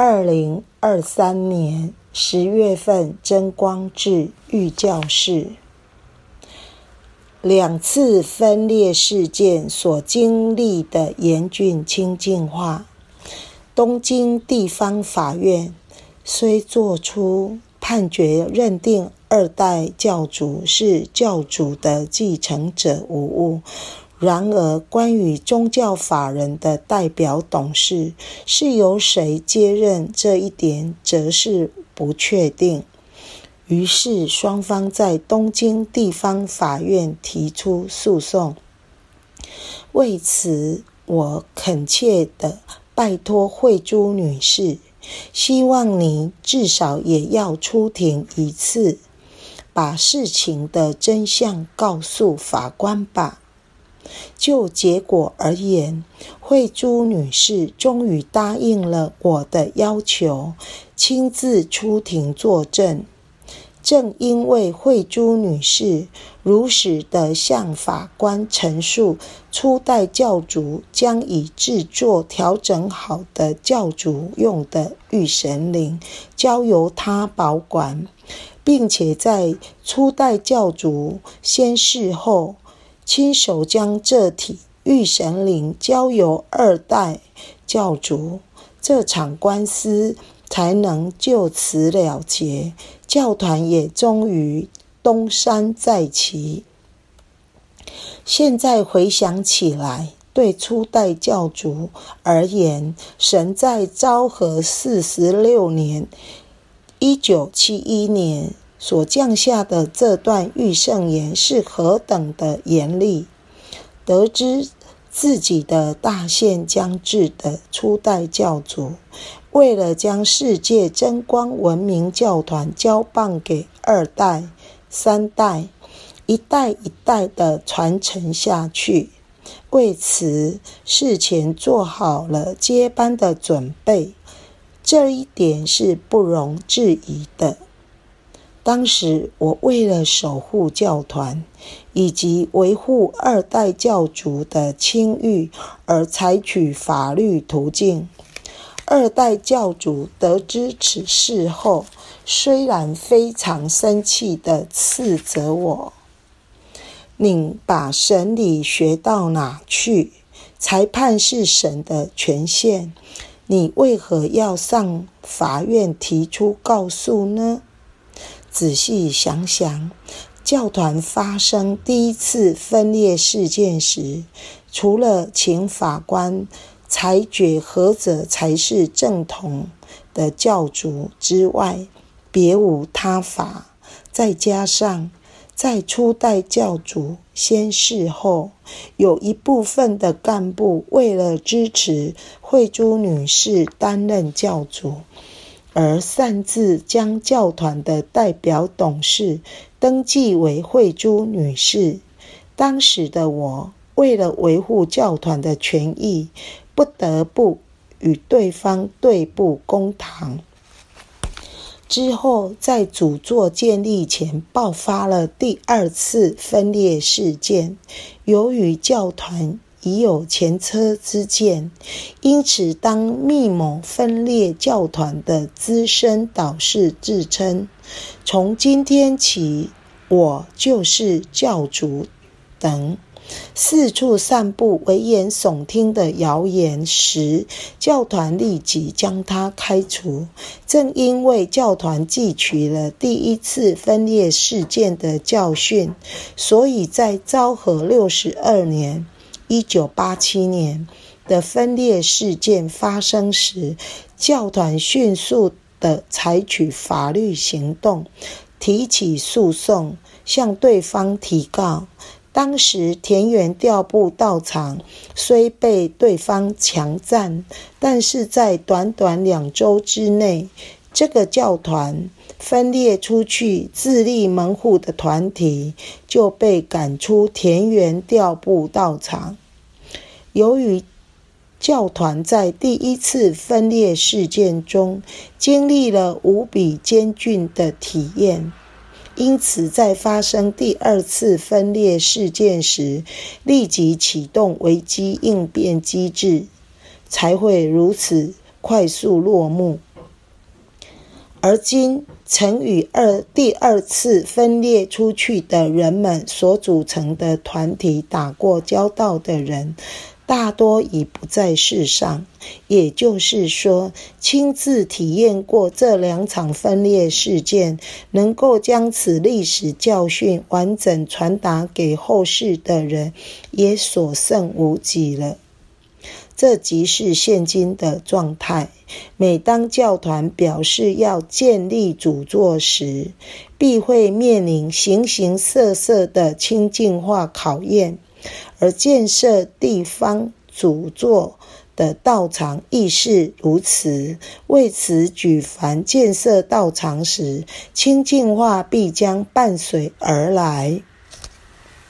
二零二三年十月份，真光誌御教示兩次分裂事件所經歷的嚴峻清淨化，東京地方法院雖作出判決，認定二代教主是教主的繼承者無誤。然而，關於宗教法人的代表董事是由誰接任這一點，則是不確定。於是，雙方在東京地方法院提出訴訟。為此，我懇切地拜託惠珠女士，希望您至少也要出庭一次，把事情的真相告訴法官吧。就結果而言，慧珠女士終於答應了我的要求，親自出庭作證。正因為慧珠女士如實地向法官陳述，初代教主將已制作調整好的教主用的御神靈交由她保管，並且在初代教主仙逝後，親手將這體御神靈交由二代教主，這場官司才能就此了結，教團也終於東山再起。現在回想起來，對初代教主而言，神在昭和四十六年（一九七一年），所降下的這段御聖言是何等的嚴厲！得知自己的大限將至的初代教主，為了將世界真光文明教團交棒給二代、三代，一代一代的傳承下去，為此事前做好了接班的準備，這一點是不容置疑的。當時我為了守護教團，以及維護二代教主的清譽而採取法律途徑。二代教主得知此事後，雖然非常生氣地斥責我：“你把神理學到哪去？裁判是神的權限，你為何要上法院提出告訴呢？”仔細想想，教團發生第一次分裂事件時，除了請法官裁決何者才是正統的教主之外，別無他法。再加上在初代教主仙逝後，有一部分的幹部為了支持慧珠女士擔任教主。而擅自將教團的代表董事登記為慧珠女士。當時的我，為了維護教團的權益，不得不與對方對簿公堂。之後，在主座建立前，爆發了第二次分裂事件。由於教團，已有前車之鑑，因此當密謀分裂教團的資深導師自稱“從今天起，我就是教主等”等四處散布危言聳聽的謠言時，教團立即將他開除。正因為教團汲取了第一次分裂事件的教訓，所以在昭和六十二年。一九八七年的分裂事件發生時，教團迅速地採取法律行動，提起訴訟，向對方提告。當時田園調布道場雖被對方強占，但是在短短兩周之內。這個教團分裂出去自立門戶的團體就被趕出田園調布道場。由於教團在第一次分裂事件中經歷了無比嚴峻的體驗，因此在發生第二次分裂事件時，立即啟動危機應變機制，才會如此快速落幕。而今曾與二第二次分裂出去的人們所組成的團體打過交道的人，大多已不在世上。也就是說，親自體驗過這兩場分裂事件，能夠將此歷史教訓完整傳達給後世的人，也所剩無幾了。這即是現今的狀態。每當教團表示要建立主座時，必會面臨形形色色的清淨化考驗；而建設地方主座的道場亦是如此。為此，舉凡建設道場時，清淨化必將伴隨而來。